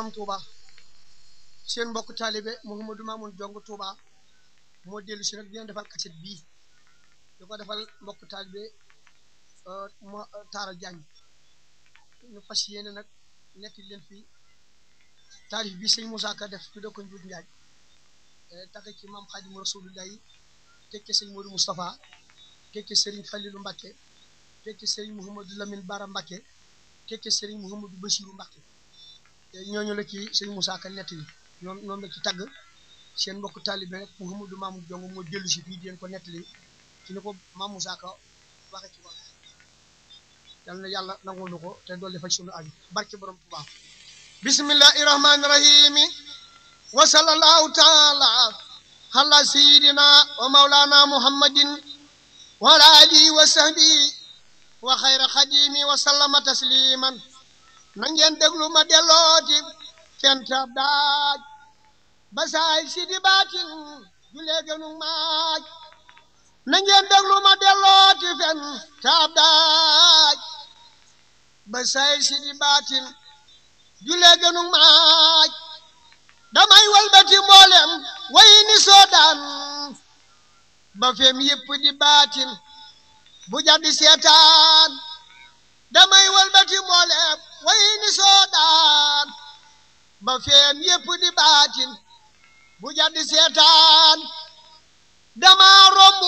am Touba seen mbokk taalibe Mouhamadou Mamoun Jong Touba moo dellu si nag dina defal bii di ko defal mbokk taalibe euh, ma euh, Talla Diagne ñu fas yéene nag nekk leen fi taarif bi sëñ Moussa Ka def tudde ko Njuut Njaay euh, take ci maam Xaadimu Rasulullahi tekke sëñ Modou Moustapha tekke sëriñ Falilu Mbàkke tekke sëriñ Mouhamadou Lamine Bara Mbàkke tekke sëriñ Mouhamadou Bachiru Mbàkke ñooñu la ci sëñ Moussa Ka nett li ñoom ñoom la ci tagg seen mbokk taalibe rek Mouhamadou Mamour Jongo moo jëlu si fii di leen ko nettali ci ni ko Maam Moussa Ka waxe ci wax yal na yàlla nangul nu ko te dool defal sunu aju barke borom Tuubaa bismillahi rahmaani rahimi wa sallallahu taala ala sayidina wa maulana muhammadin wa ala alihi wa sahbihi wa xayra xadimi wa sallama tasliman na ngeen déglu ma dellooti centa daaj basaay si di baatin ju leegenu maaj na ngeen ma dellooti fen taab daaj basaay si di baatin ju leegenu maaj damay walbati mboolem way soodaan ba fem yëpp di baatin bu jadi seetaan damay walbati mboolem way ni soodaan ba feen yépp di baatin bu jaddi seetaan dama romb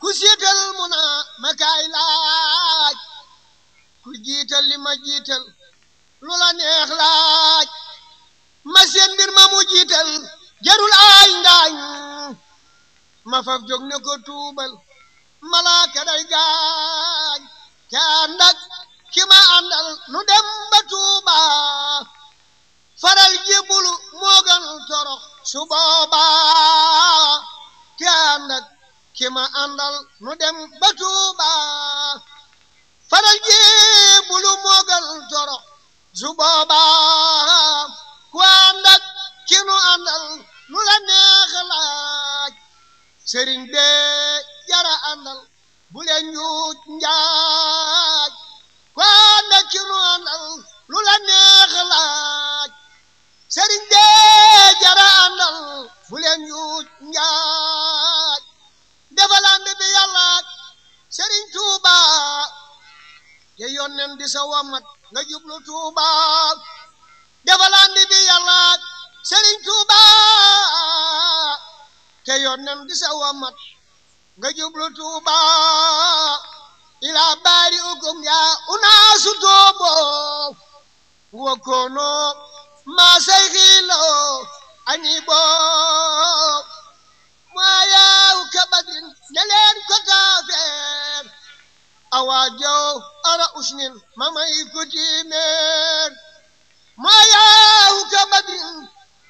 ku siital mu naa ma kaay ku jiital li ma jiital lu la neex laaj ma seen mbir ma mu jiital jarul ay ngaañ ma faf jóg ne ko tuubal malaaka day gaañ te ànd ki ma àndal nu dem ba Tuuba faral jébulu moo gën torox su ku ànd ki nu àndal nu la neex laaj bee jara àndal bu leen njaaj foo nekk noonal lu la neex laaj sëriñ dee jara àndal bu yuuj njaaj defal ànd bi yàlla sëriñ Tuuba te yónneen di sa wamat nga jublu Tuuba defal ànd bi yàlla sëriñ Tuuba te yónneen di sa wamat nga jublu Tuuba إلى بارئكم يا أناس توبوا وكونوا ما سيغلوا أنيبوا ما ياو كبدر نلين كتافير أواجو أرى أسنين ماما يكتيمير ما ياو كبدر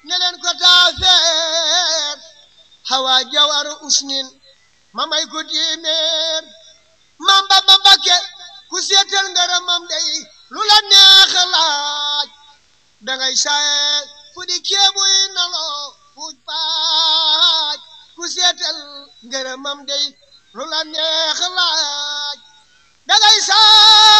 نلين كتافير أواجو أرى أسنين ماما يكتيمير maam ba ba bakke ku seetal ngërëmam day la neex laaj dangay saye fu keebuy naloo fuuj paaj ku seetal ngërëmam day lu la neex laaj dangay saye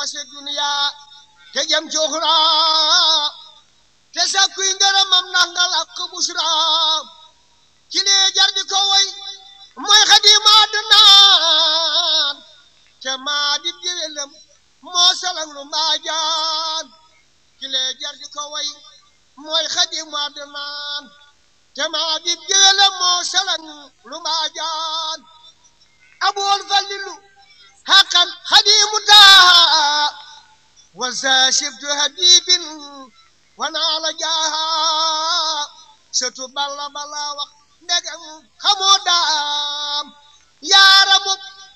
fase duniya te jëm ci uxra te sakkuy ngërëmam nangal ak busra ci lee jar mooy xadima dinaan te te maa di jëwelam moo salang lu mbaajaan abool falilu حقا خديم داها وزا شبت حبيب ونال جاها ستو بلا بلا وقت نجم خمو دام يا رب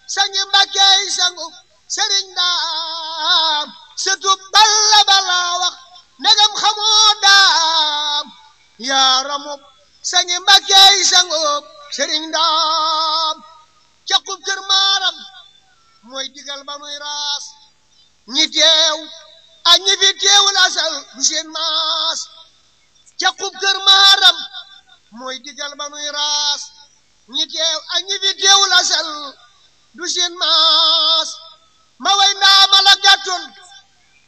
سنجم بكي سنجم سرين دام ستو بلا بلا وقت نجم خمو دام يا رب سنجم بكي سنجم سرين دام جاكوب كرمارم mooy digal ba muy raas ñi teew ak ñi fi teewul asal du seen maas ca xub maaram mooy digal ba muy raas ñi teew ak ñi fi teewul asal du seen maas ma way ndaama la gàttul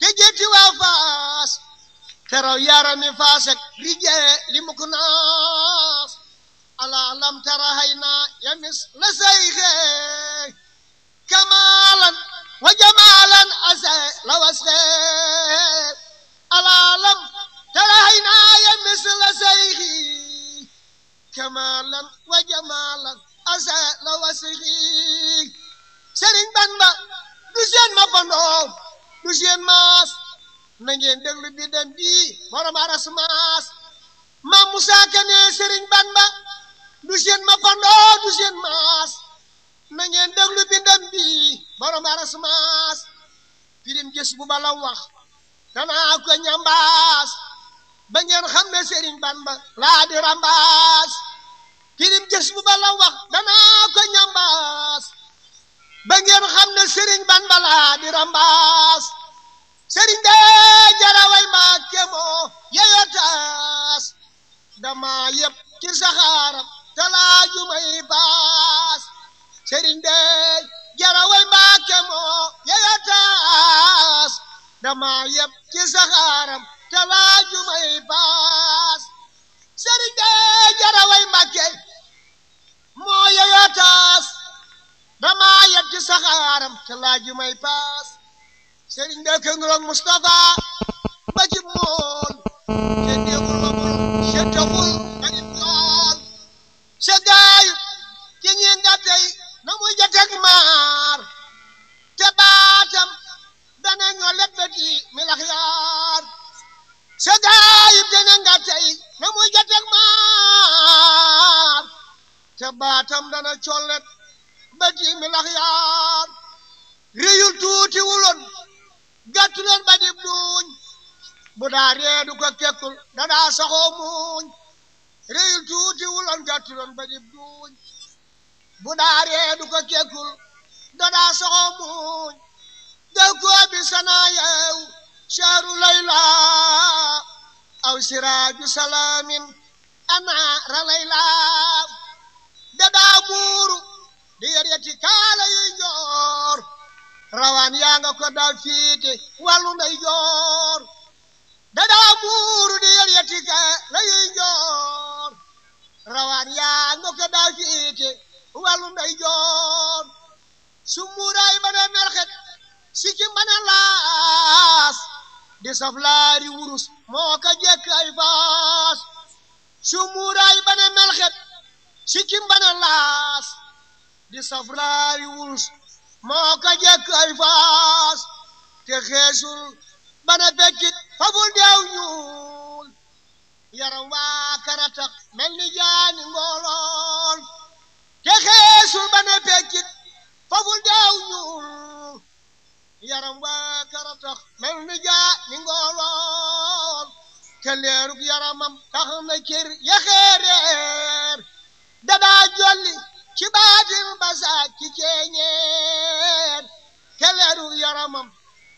te jeeti waa faas te raw yaarami faas ak rijee li mu naas ala lam tara hay naa yamis la say xee جمالا وجمالا أزال وسخير العالم ترهينا مثل سيخي جمالا وجمالا أزال وسخير سرين بندا دوسين ما بندو دوسين ماس نجين دغل بيدن بي مرم عرس ماس ما مساكني سرين بندا دوسين ما بندو دوسين ماس na ngeen déglu bindam bi borom arasmaas firim gis bu bala wax danaa ko ñambaas ba xam ne Serigne Bamba laa di firim gis bu bala wax danaa ko ñambaas ba xam ne Serigne Bamba laa di rambaas Serigne de jaraway moo yeyo taas dama yëpp ci saxaaram te laaju baas sëriñ dey jaraway Mbàkke moo yega taas yeb ci saxaaram te laajumay paas sëriñ dey jaraway Mbàkke moo yega taas yeb ci saxaaram te laajumay paas sëriñ dey ke ngurong Mustafa ba moon mu jateg maar te baatam dana ñoo leb beti mi lax yaar sa gaayib nga tey na mu jateg maar te baatam dana collet beti mi lax yaar tuuti wuloon gàttuloon ba dib duuñ bu daa reedu ko kekkul danaa saxoo muuñ réyul tuuti wuloon gàttuloon ba dib duuñ bu daaree du ko kekkul dadaa soxo muuñ dëkkoo bi sanaa yeew shaaru aw siraaju salaamin anaara layla dadaa muuru di yeryeti kaala yuy rawaan yaa nga ko daa fiite wàllu nday joor di yeryeti kaala yuy rawaan yaa nga ko daa wàllu nday joor su muuraay ba ne melxet si laas di saflaari wurus moo ka jekk ay faas su muuraay ba ne melxet si laas di saflaari wurus moo ka jekk ay faas te xeesul ba bekkit fa deew ñuul yaram waa karatax mel ni jaani mbooloo tax mel jaa ni ngooloon te yaramam tax na cër yaxeereer dadaa jolli ci baatin basaa ci ceeñeer te yaramam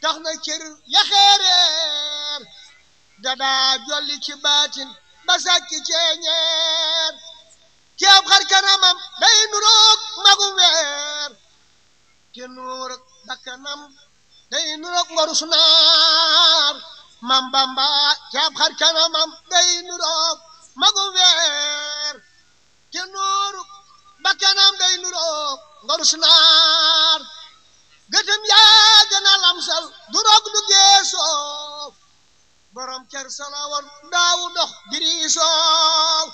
tax na cër yaxeereer dadaa jolli ci baatin basaa ci ceeñeer ceeb xar kanamam day nuroog magu weer te nuroog bakkanam day nuroog ngoru sunaar mam bamba caab xar kanamam day nuroog magu weer te nooru bakkanam day nuroog ngoru sunaar gëtëm yaa gën a lamsal du roog du geesoof borom cer salawoon daawu dox diriisoof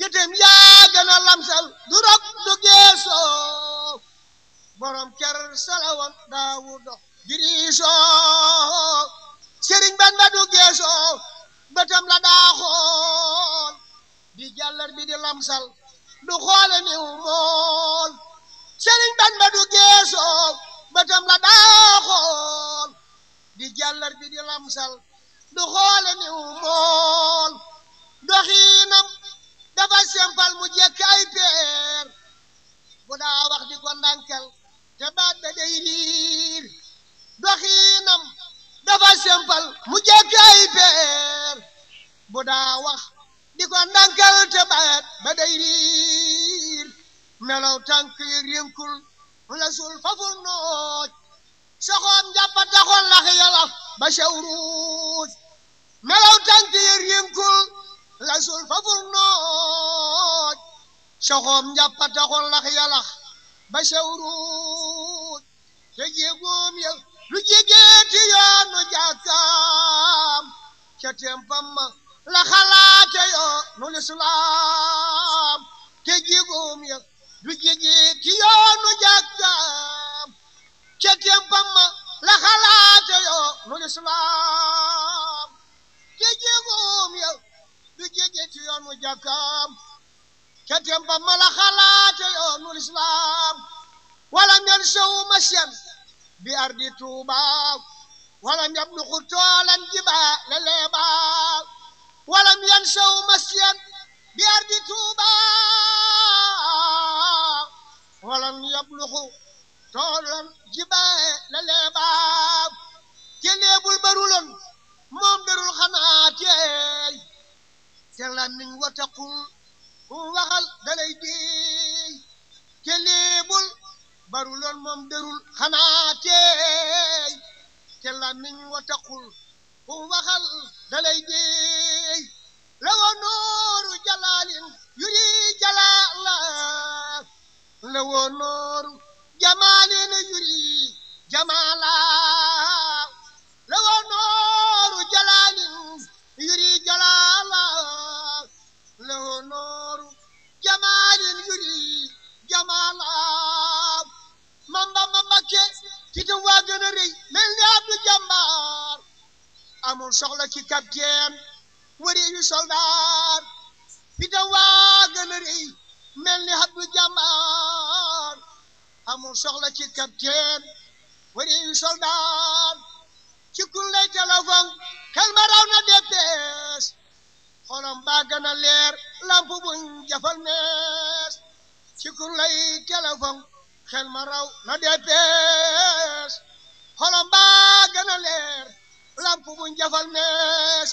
gëtëm yaa gën a lamsal du geesoof borom cer salawoon daawu dox di diisoo sëriñ Bamba du geesoo bëtam la daa xool di jàllar lamsal du xoole niw mool sëriñ Bamba du geesoo bëtam la daa xool di jàllar lamsal du xoole niw mool doxiinam dafa sempal mu jekk bu daa wax ko ndànkal te ba day doxiinam dafa sempal mu jekk ay bu daa wax di ko ndànkal te bayat ba day riir melaw tànk yi rinkul mu la suul fafu nooj soxoom jàppa lax yalaf ba sewruuj melaw tànk yi rinkul la suul fafu nooj soxoom jàppa lax yalax ba sewruuj te jéegoom yëf lu jegeeti yoonu jaasaam ca tempam ma la xalaate yoonu lislaam te jigum ya lu jegeeti yoonu jaasaam la xalaate yoonu lislaam lislaam wala mel sowu ma بأرض توبا ولم يبلغ طولا جبال ليبا ولم ينشأ مسيا بأرض توبا ولم يبلغ طولا جبال ليبا جليبul barulon moom darul xanaa teey te làmmiñ wataqul waxal dalay dee jëleebul baruloon moom derul xanaa teey te làmmiñ wa taqul dalay deey lawa nooru jalaalin yuri jalaala lawa nooru jamaalin yuri jamaala lawa nooru jalaalin yuri yuri jamaala maam Bamba Mbakke ki waa gën a mel ni Abdu jàmbaar amul soxla ci capitaine wari yu soldaar ki te waa gën a mel ni Abdu jàmbaar amul soxla ci capitaine wari yu soldaar ci kullay téléphone xel ma raw na DPS xolam baa gën leer lamp buñ jafal nees ci kullay téléphone xel ma raw na depees xolom baa gën a leer lamp buñ jafal mees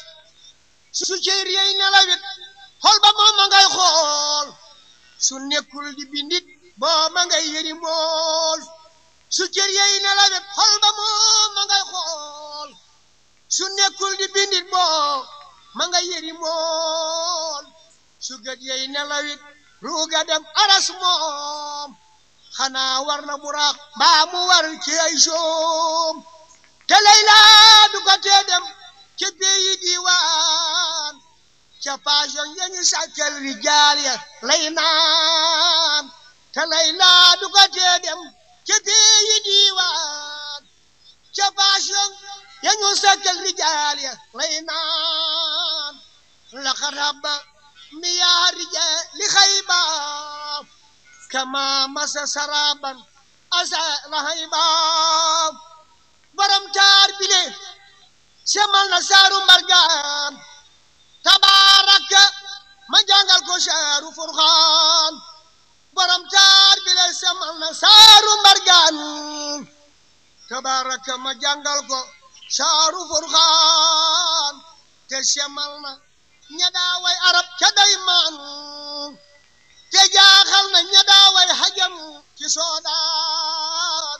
su cër yey nelawit xol ba moom ma xool su nekkul di bindit boo ma ngay mool su cër yey nelawit xol ba moom ma xool su nekkul di bindit boo ma ngay mool su gët yey nelawit ruuga dem aras mool xanaa war na mu raaq mbaa mu war ci te Layla du ko tee dem diwaan ca passion ya lay naan te rijaal ya lay naan la xaraba miyaa li xayba كما مس سرابا asa rahima borom taar bile semal na saaru mbargaan tabaraka ma jàngal ko saaru furxaan taar bile semal na saaru mbargaan tabaraka ma jàngal ko saaru te semal ña daaway arab ca day te jaaxal na ña daaway xajam ci soodaan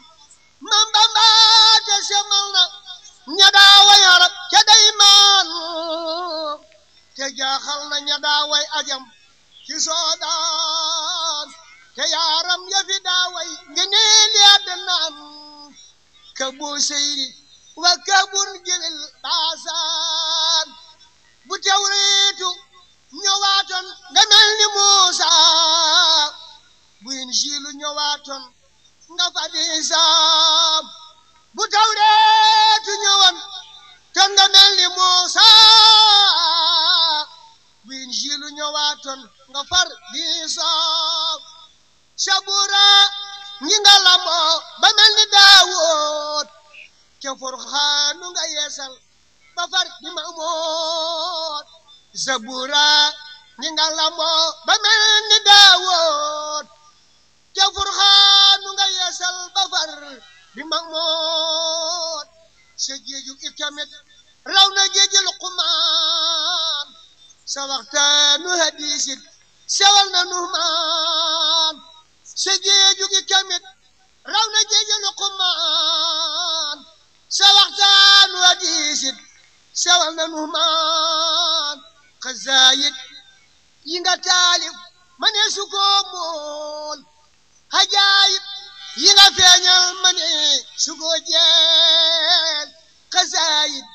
mam bamba te semal na ña daaway arab ca day te jaaxal na ña daaway ajam ci soodaan te yaaram ya fi daaway ngeneel ya danaam ka buuseyri wa kabun jilil baasaan bu tawreetu ñëwaatoon nga mel ni Muusa bu Injiilu ñëwaatoon nga fab Isa bu Tawreetu ñëwoon te nga mel ni Muusa bu Injiilu ñëwaatoon nga far di Isa sabura ngi nga lamboo ba mel ni Daawud te Furxaanu nga yeesal ba far di Maamuud sabura ñi nga lamboo ba mel ni daawoot ca furxaanu nga yeesal ba far di mag moot sa géeju itamit raw raw na géejul xumaan sa hadiisit sewal na xasaayit yi nga taalif maneesu koo mool xajaayib yi nga feeñal maneesu koo jeel xasaayit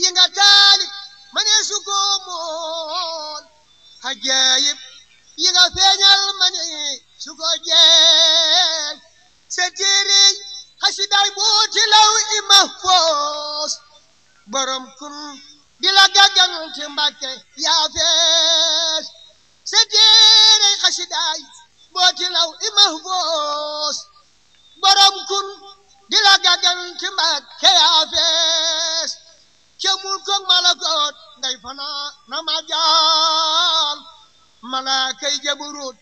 yi nga taalif maneesu koo mool xajaayib yi nga feeñal maneesu koo jeel sa téere xasidaay boo tilaw i mahfoos borom kun di la gàgganul ci mbàkke yaa fees sa téere xasidaay boo law i mahfoos borom kun di la gàgganul ci mbàkke yaa fees ca mul malakoot ngay fana na ma jaam malaakay jaburut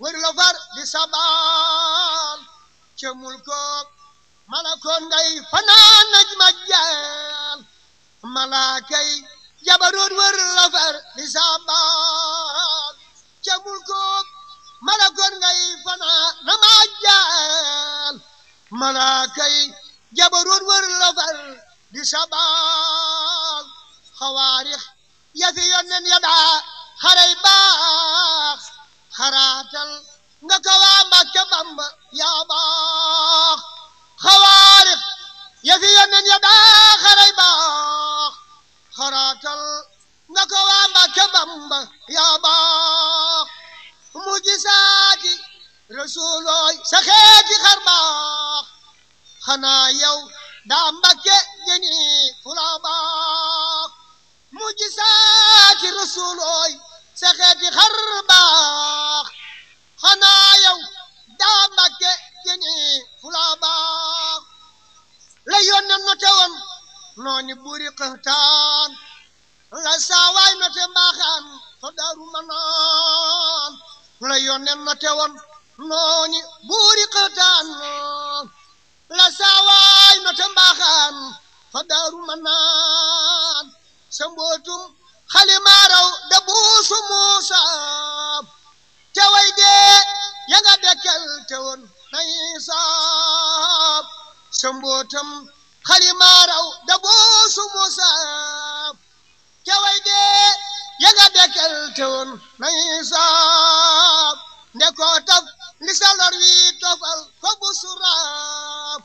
wër la far di sabaal ca mul malakoot ngay fana naj ma jaam malaaka yi jabaroon wër rafar li saabaan ca mulkook malakoon ngay fanaa na maajaan malaaka yi jabaroon wër rafar li saabaan xawaarix yafi yonnen yadaa xaray baax xaraatal nga kawaa mbàkke bamba yaa baax xawaarix yëfi yeneen ya daa baax xaraatal nga ko waa Mbàkke Bamba yaa baax mu gisaati rasuulooy sa xeeti xar baax xanaa yow daa Mbàkke jëni fu la baax mu la yónneen noté woon nooni buuri qëxtaan la saawaay noté mbaaxaan fa daaru manaan la yónneen noté woon nooni buuri qëxtaan la saawaay noté mbaaxaan fa daaru manaan sa mbootum xalimaaraw da buusu muusa te way dee nga dekkel te woon na sombootam xali maaraw daboo su Muusa caway dee ya nga nde koo li sa lor tofal ko bu suraab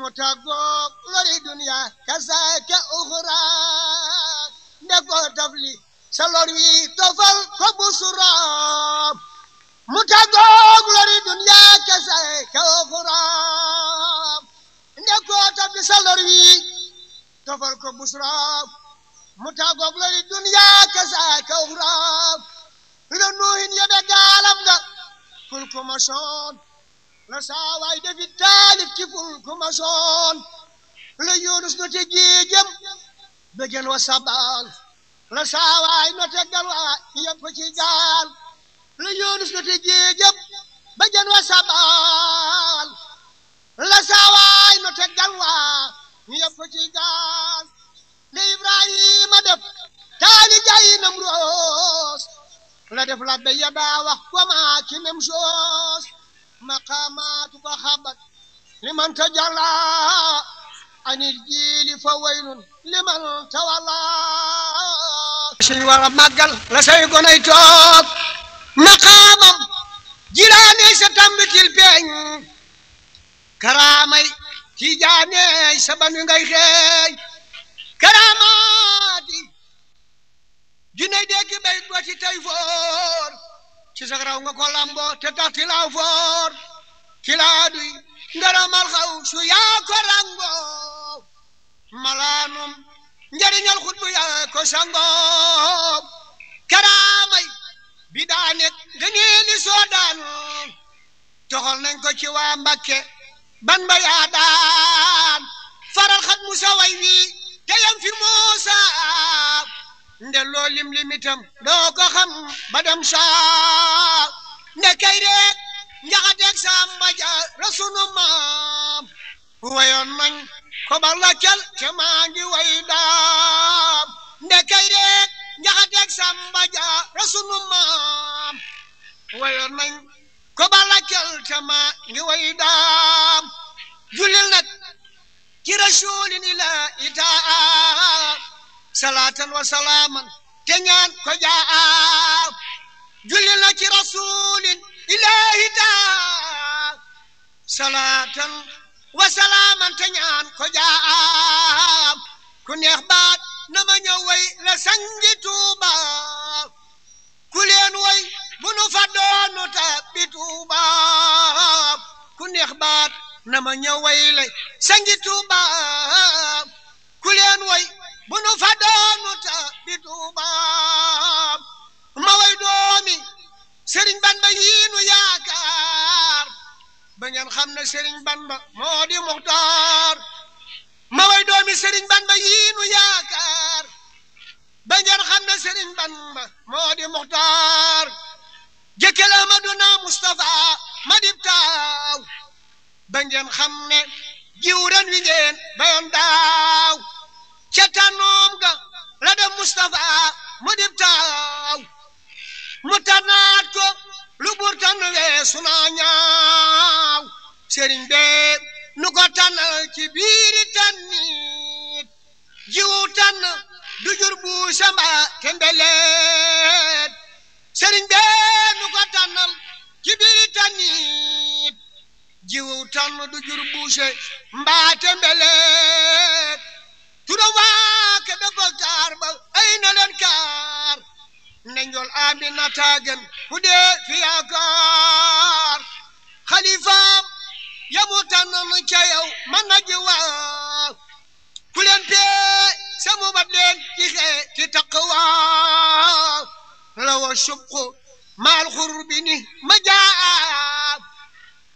mu tàggoo lori duniya kasaaka uxraa nde koo li sa lor tofal ko bu suraab mu tàggoo lori duniya kasaaka uxraa mu la saawaay no te jéejam begen wa sabal la saawaay no te galwaay yëpp ci gaal wa sabal la saawaay nu teggal waa ñu yóbbu ko ci gaal li Ibrahima def taali jaay Namroos la def la be ya wa maa ci nem soos ba xabat li man tajalla anil jiili fa waylun li man tawalla suñ la say gonay toog maqaamam jiraane sa tambitil peeñ karaamay tiijaaneey saban ngay xeey karaamaati jinne dégg bay bati tey foor ci sa nga ko lamboo te tax tilaaw foor kilaaduy ngaramal xaw su yaa ko rangoo malaanum njariñal xutbu yaa ko sangoo karaamay bi nga nii li soo daanoo nañ ko ci waa Mbakke ban ba yaa daan faral xat musa wi te fi muusa nde loo lim limitam doo ko xam ba dem saa ne kay rek njaxateeg maam wayoon nañ ko ba lacal te maa ngi way daam ne kay rek maam wayoon nañ ko balakel te ma ngi julil nag ci rasulini la itaa salaatan wa salaaman te ko jaam julil nag ci rasulin ilaahi na ma ñëw way la bu nu fa doonu na ma ñëw way lay sangi Tuuba ku way bu nu fa doonu ta bi Tuuba ma way doomi Sëriñ Bamba yii nu yaakaar ba ngeen xam ne Sëriñ Bamba moo ma way doomi Sëriñ Bamba yii nu yaakaar ba ngeen xam ne Sëriñ Bamba moo di Muxtaar jëkkël Amadou na Moustapha ma dib taaw ba xam ne jiw ren wi ngeen bayoon daaw ca ga la dem mu dib taaw mu tànnaat ko lu weesu naa ñaaw sëriñ bee nu ko tànnal ci biiri tànnit jiwu tànn du jur bu samba kembeleet sëriñ bee nu ko tànnal ci biiri tànnit jiwu tollu du jur buuse mbaate mbeleet tura waa ke dafa kaar ba ay na leen kaar ne njool amina taagen ku dee fi yaakaar xalifaam yamu tànnoon ca yow man na ji ku leen pee samu bat leen ci xee ci taqwa lawa subqu maal xurbini ma jaa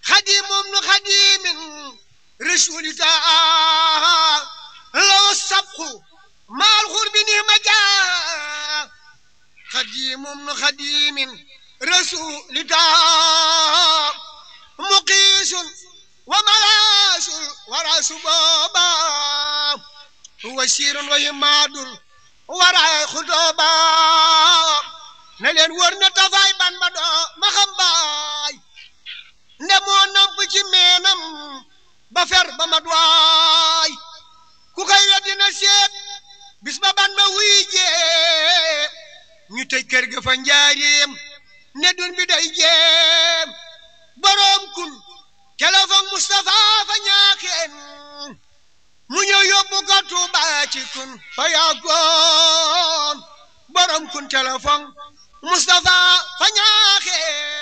خديم ابن خديم رسولك لو السبق مع الغرب نعم جاء خديم ابن خديم رسولك مقيس ومراس وراس بابا هو سير ويماد ورا خطبا نلين ورنا تفاي بان بدو مخباي ndemoo nopp ci meenam ba fer ba mat waay ku koy weddina seet bis ba ban ba wuy jéem ñu tëj kër ga fa njaareem ne dun bi day jéem boroom kun téléphone Moustapha fa ñaaxeen mu ñëw yóbbu ko Tuuba ci kun fa yaagoon boroom kun téléphone Moustapha fa ñaaxeen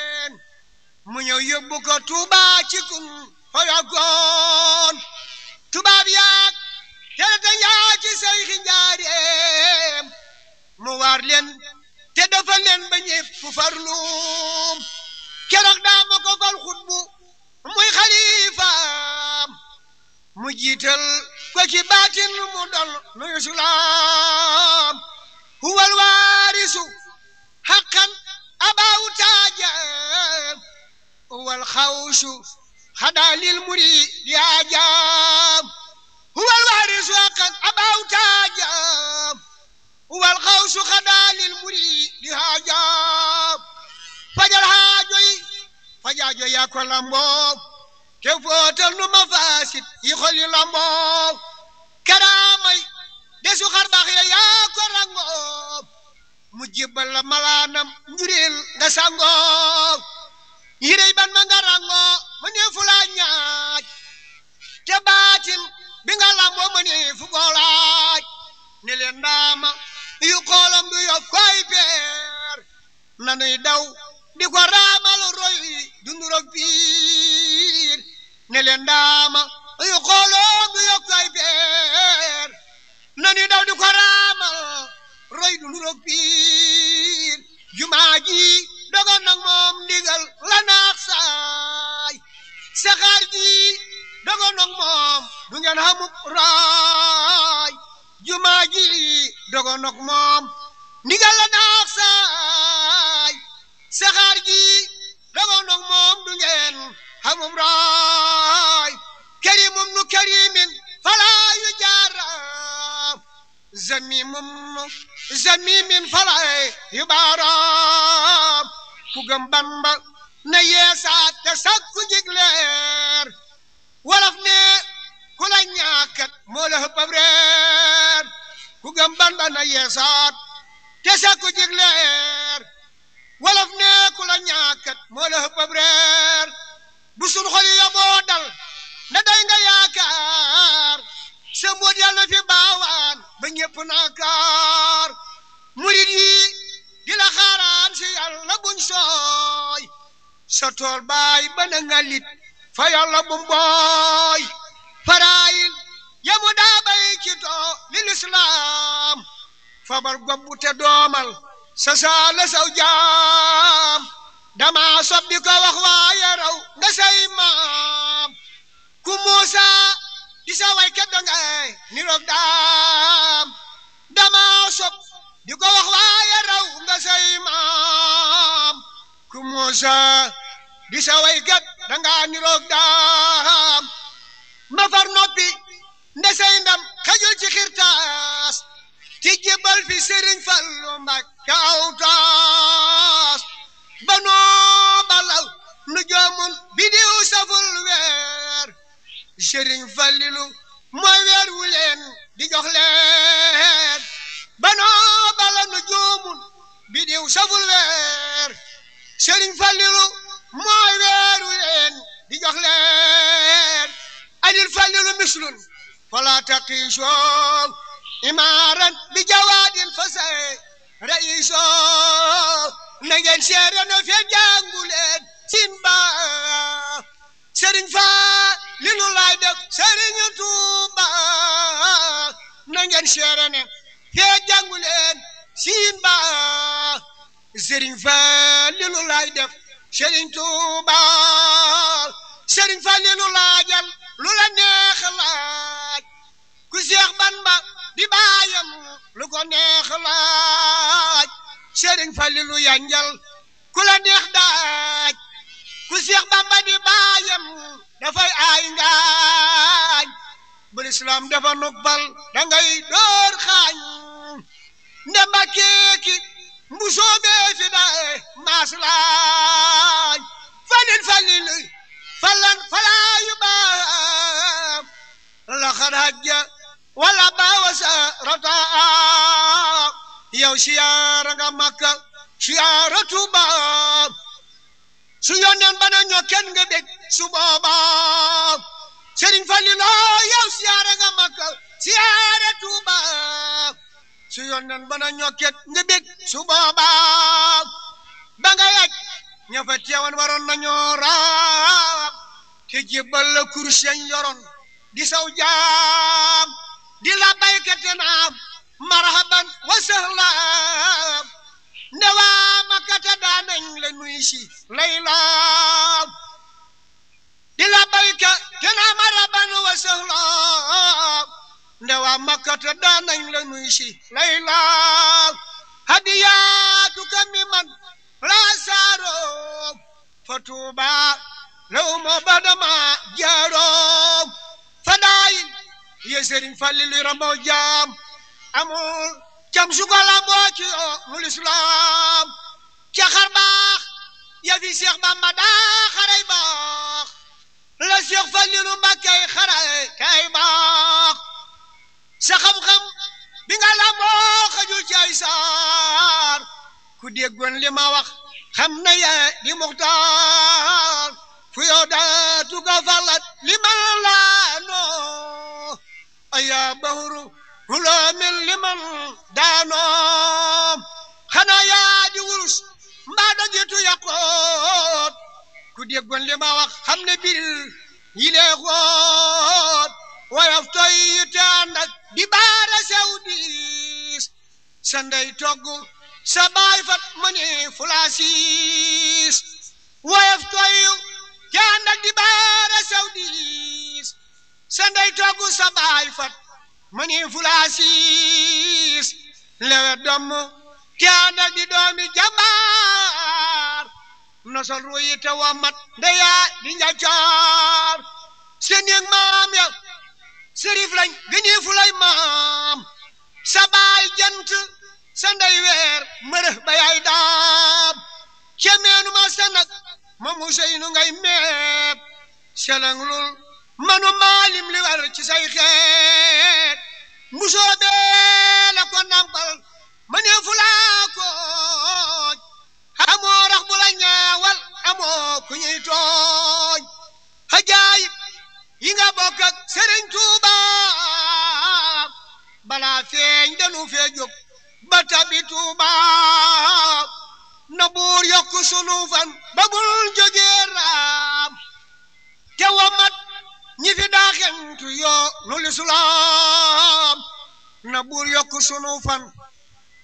mu ñëw yóbbu ko Touba ci kum xoyogoon tubaab yaag te yaa ci say mu waar leen te dafa leen ba ñëpp farlu keroog daa ma ko fal muy xalifaam mu jiital ko ci baatin mu dol nuyu sulaam huwal waarisu xaqan abaawu taaja هو الخوش خدا للمريد يا جام هو الوارث وقد أباه تاجام هو الخوش خدا للمريد يا جام فجر هاجي فجاجو يا كولامبو كفوت المفاسد يخلي لامبو كرامي desu xar baax ya yaa ko rango mu jibal la malaanam njureel nga sangoo yirey ban ma nga rangoo ma ne fu ñaaj te baatin bi nga lamboo ma ne fu ko laaj ne du yof koy peer nanuy daw di ko roy dunduroog piir ne leen ndaama du yof koy peer nanuy daw di ko roy dunduroog piir jumaa dogal nag moom ndigal la naax saay saxaar gi moom du ngeen raay jumaa ji dogal nag moom ndigal yu jaaraam zamimum nu zamimin yu baaraam ku gëm bamba na yeesaat te sakku jig leer ne ku la ñaakat moo la hëppab bu sun xoli ya boo dal na yaakaar sa mbóot yàlla fi baawaan ba ñépp naakaar murid yi sooy sa tool baay bana nga lit fa yàlla bu mbooy faraayil yamu daa bay ci too lil islaam fabar gobbu te doomal sa saala saw jaam dama soppi ko wax waaye raw nga say maam ku muusa di sa way keddo nga niroog daam dama sopp di ko wax waaye raw nga say maam ku Muusa di sa way gat dangaa niroog daam ma far noppi nde say ndam xajul ci xirtaas ci jébbal fi Sëriñ Fallu Mbàkke aw taas ba noo balaw nu joomun bi diw saful weer Sëriñ Fallilu mooy weer wu leen di jox leen banoo bala nu juumul bi diw saful weer sëriñ Fallilu mooy weer ween di jox leer anil Fallilu mislun fala taqiisoo imaaran bi jawaadin fasay ra'iisoo na ngeen seere na laay def sëriñ Tuuba na ngeen seere fee jàngu leen siin ba sëriñ Falilu laay def sëriñ Tuuba sëriñ Falilu laajal lu la neex laaj ku Seex Bamba di baayam lu ko neex laaj sëriñ Falilu yanjal ku la neex ku Seex Bamba di baayam dafay aay ngaañ bu lislaam dafa nubbal da ngay door xaañ nde mbakkeeki mbusooɓe fiɗae maslaañ falin falin falan falayuɓa lakad hajja wala bawasa rata yow siyaara nga makka siyaara tuba su yonnen bana ñokken nga ɓeg siyaara nga siyaara tuba su yónneen ba na ñokket nga bég su boobaa ba nga ña fa teewoon waroon nañoo raam te jébbal la kurus yañ di saw jaam di la baykate naam marhaban wa sahlan ne waa makkata daanañ la nuy si laylaam di la bayka te naa marhaban wa sahlan ndewa makkata daanañ la nuy si lay laal mi man laa saaroo fa tuubaa law ma badama fa daayin ye sëriñ Fallilu ramoo jaam amul cam su ko lamboo ci oo mu lislaam ca xar ya fi Seex Bamba daa xaray baax la Seex Fallilu Mbakke xaray kay baax sa xam-xam bi nga làmboo xajul ci ay saar ku déggoon li ma wax xam na yaa di muxtaar fu yow daatu li ma laanoo ayaa bahru huloo min li man daanoo xanaa yaa di wurus mbaa dajitu yaqoot ku déggoon li ma wax xam ne bir yi lee xoot woyof toy yu di baara sew diis sa ndey togg sa baay fat mëni fulaasiis woyof toy yu taandak di baara sew diis sa ndey togg sa baay fat mëni fulaasiis lewe domm taandak di doomi jambaar nosol ruyi te womat ndeyaa di njacoor seen yëg maam ya sërif lañ gëñee fu maam sa baay jant sa weer mërëx ba daam ca meenu ma sa nag ma mu seynu ngay meeb selang lul manu maalim li war ci say xeet mu soobee la ko nampal ma ne fu laa kooj amoo rax bu la ñaawal amoo ku ñuy tooñ ajaayib yi nga bokk ak tu yaa feeñ danu fee jóg ba tabi Tuuba na buur yokk sunu ba bul jógee raam te wamat ñi fi daaxentu yoo nu lislaam na buur yokk sunu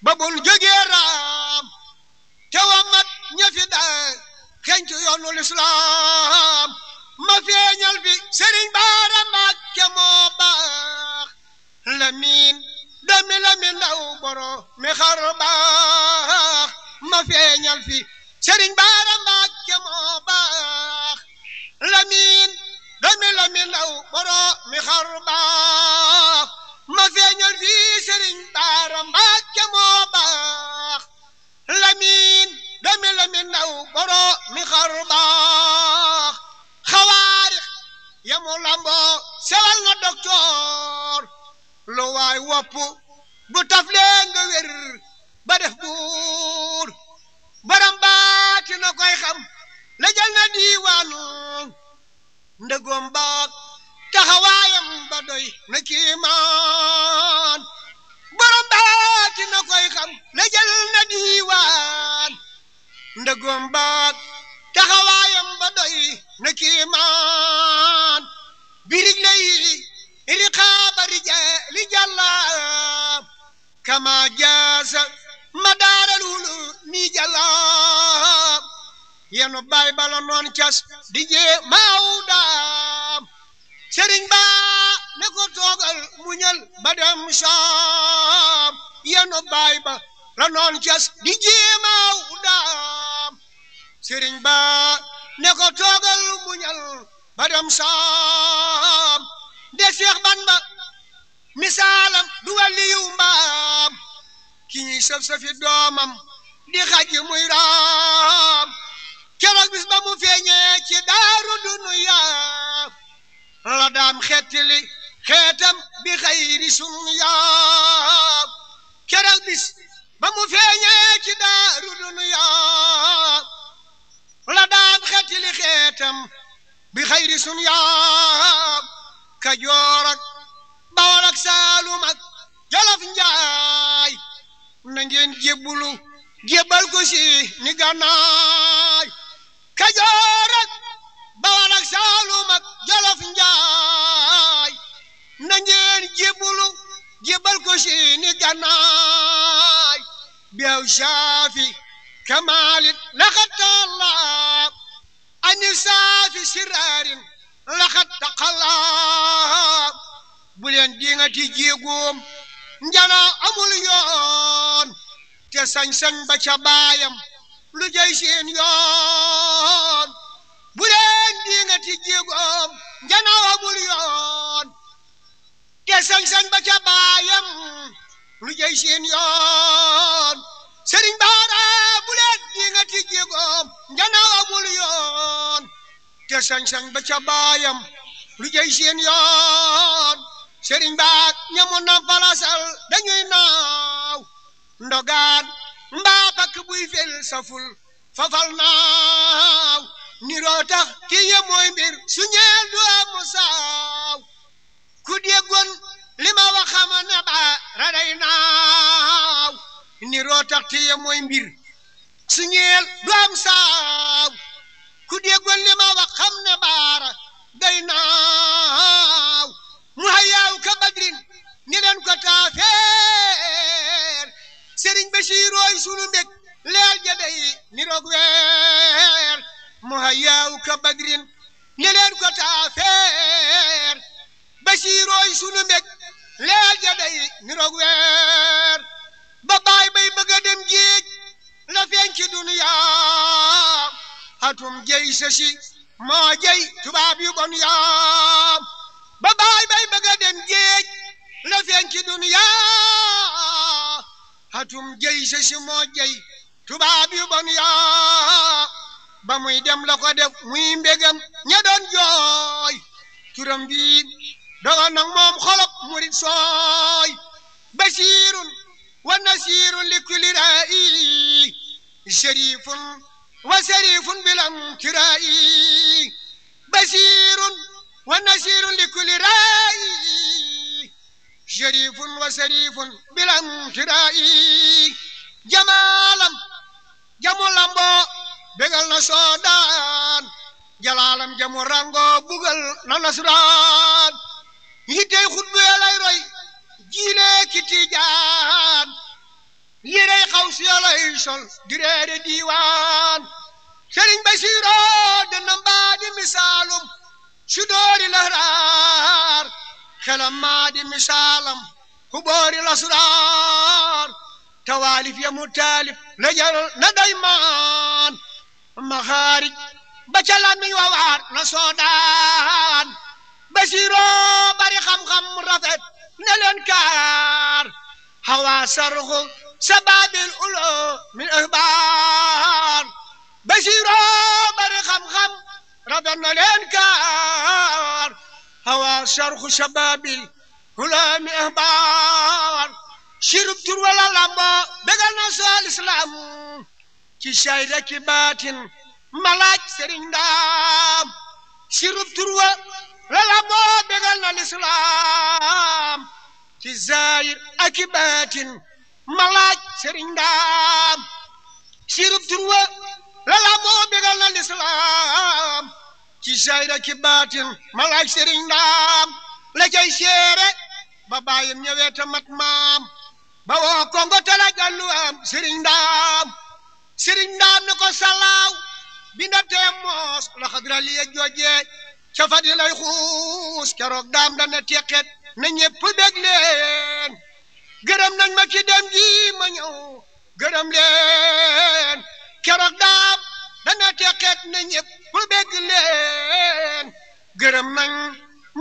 ba bul jógee raam te wamat ñi fi daaxentu yoo nu lislaam ma feeñal fi Sëriñ Baara Mbàkke moo baax la doomi Lamin Ndaw boro mi xar baax ma feeñal fi Sëriñ Baara Mbàkke moo baax Lamin doomi Lamin boro mi xar baax ma feeñal fi Sëriñ sewal na doktoor lu waay wopp bu taflee nga wér ba def buur baram na koy xam la jal na diiwaanu ndëgoom baat taxawaayam ba doy na kiimaan borom na koy xam la jal na diiwaan ndëgoom baat taxawaayam ba doy na kiimaan birig lay رقاب رجال جلا كما جاز مدار العلوم جلا ينو باي بالا نون كاس دي جي ماودا سيرين با نكو توغال مونيل بدم شام ينو باي با la noon cas di jéemaaw daam sëriñ ba ne ko toogal muñal ba dem saam de Seex Bamba misaalam du waliyu mbaam ki ñuy sëf doomam di xaj muy raam keroog bis ba mu feeñee ci daaru dunu yaa la daam xeetam bi xayri sun kajoor ak bawol ak saalum ak njaay na ngeen jébbulu jébbal ko si ni gànnaay kajoor ak bawol ak saalum ak njaay na ngeen jébbulu jébbal ko si ni gànnaay beew saafi kamaalit laxatallaab ani saafi siraarin laxat taqalaa bu leen diŋati jéegoom njanaa amul yoon te sañ-sañ ba ca baayam lu jay seen yoon bu leen diŋati jéegoom njanaa amul te sañ ba ca baayam lu jay seen yoon sëriñ baara bu leen diŋati jéegoom njanaa amul yoon te sañ ba ca baayam lu jëy seen yoon sëriñ baag ñamu na dañuy naaw ndogaan mbaa pakk buy fel saful fafal naaw niroo tax ki ye mbir su du amu saaw ku déggoon li ma wax ba raday naaw niroo tax ki ye mbir su du am saaw ku déggoon day naaw mu hayaaw ka badrin ni leen ko taafeer Sëriñ Basiir ooy sunu mbég leer ja day ni roog weer mu hayaaw ka badrin ni leen ko taafeer Basiir ooy sunu mbég leer ja day ni roog weer ba baay bay bëgg a dem géej la feeñ ci duniyaa atum jey sa si moo jëy tubaab yu bon yaa ba baay bay bëgg a dem géej ci duniyaa atum jëy sa si moo jëy tubaab yu bon yaa ba muy dem la ko def muy mbégam ña doon jooy turam bi doga nag moom xolob murit sooy basiirun wa nasiirun li kulli raayi sharifun وشريف بالامترائي بشير ونشير لكل رائي شريف وشريف بالامترائي جمالا جمالا بو بغل نصودان جلالا جمال رانغو بغل ننصران يتي خدبي علي روي جيلي كتيجان yérey xaw si yolay sol di reere diiwaan sëriñ Basiiro dana mbaa di misaalum su doori la raar xelam maa di misaalam ku boori la suraar tawaalif ya mu taalif la jal na day ba ca wa waar na soodaan Basiiro bari xam-xam mu rafet ne leen kaar xawaa sarxu شباب الأولو من أهبان بشيرو بري خم خم ردنا الإنكار هوا شرخ شباب الأولو من أهبان شرب ولا لما بغنا سؤال الإسلام كي شايدة كي باتن ملاك سرندام شرب ولا لما بغنا الإسلام كي زاير أكي باتن ma laaj sëriñ daam sirub turwa la la moo bégal na lislaam ci sayra ki sëriñ daam la cay seere ba bàyyam ñëwee te mat maam ba woo kongo te la gàlluwaam sëriñ daam sëriñ daam ni ko salaaw binda moos la xadra joojee ca fadi lay xuus keroog daam dana teqet na ñépp bég leen gërëm nañ ma ci dem ji ma ñëw gërëm leen keroog daam dana teqeet na ñëpp bu bégg leen gërëm nañ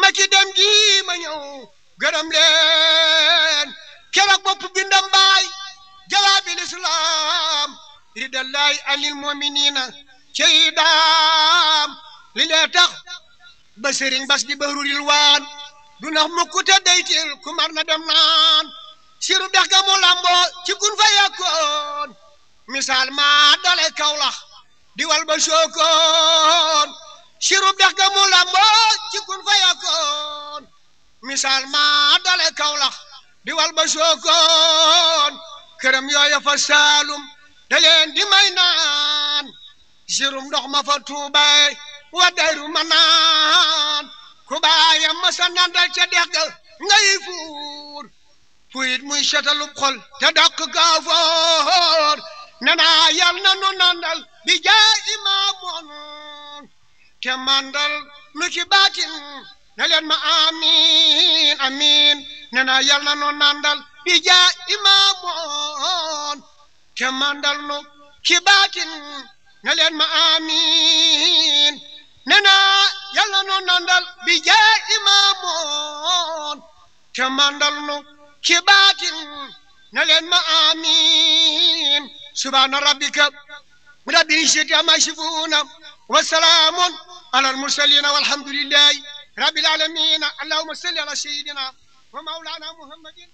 ma ci dem ji ma ñëw gërëm leen keroog bopp bi ndam baay jalaabi lislaam ridallahi anil muminina cey daam li lee tax bas di bahruril waan du nax mukk te daytil ku mar na dem siru dex ga mu lamboo ci kun fa yàkkoon misaal maa dale kawlax di di wal ba sookoon këram yooya fa saalum da di may naan sirum ndox ma fa tuubay wa dayru ma naan ku baayam ma sa nandal ca dex ga ngay fuur kuyit muy setalub xol te dakk kaafoor nanaa yal na nu nandal bi jaay imaamoon te nu ci baatin yal na nu nandal bi jaay imaamoon te nu ci baatin yal na nu nandal bi jaay imaamoon te nu ci baatin na leen ma amiin subhaana rabbika rabbil izzati amma yasifuuna wa salaamun ala al mursaliina walhamdulillahi rabbil aalamiina allahumma salli ala sayyidina wa mawlaana muhammadin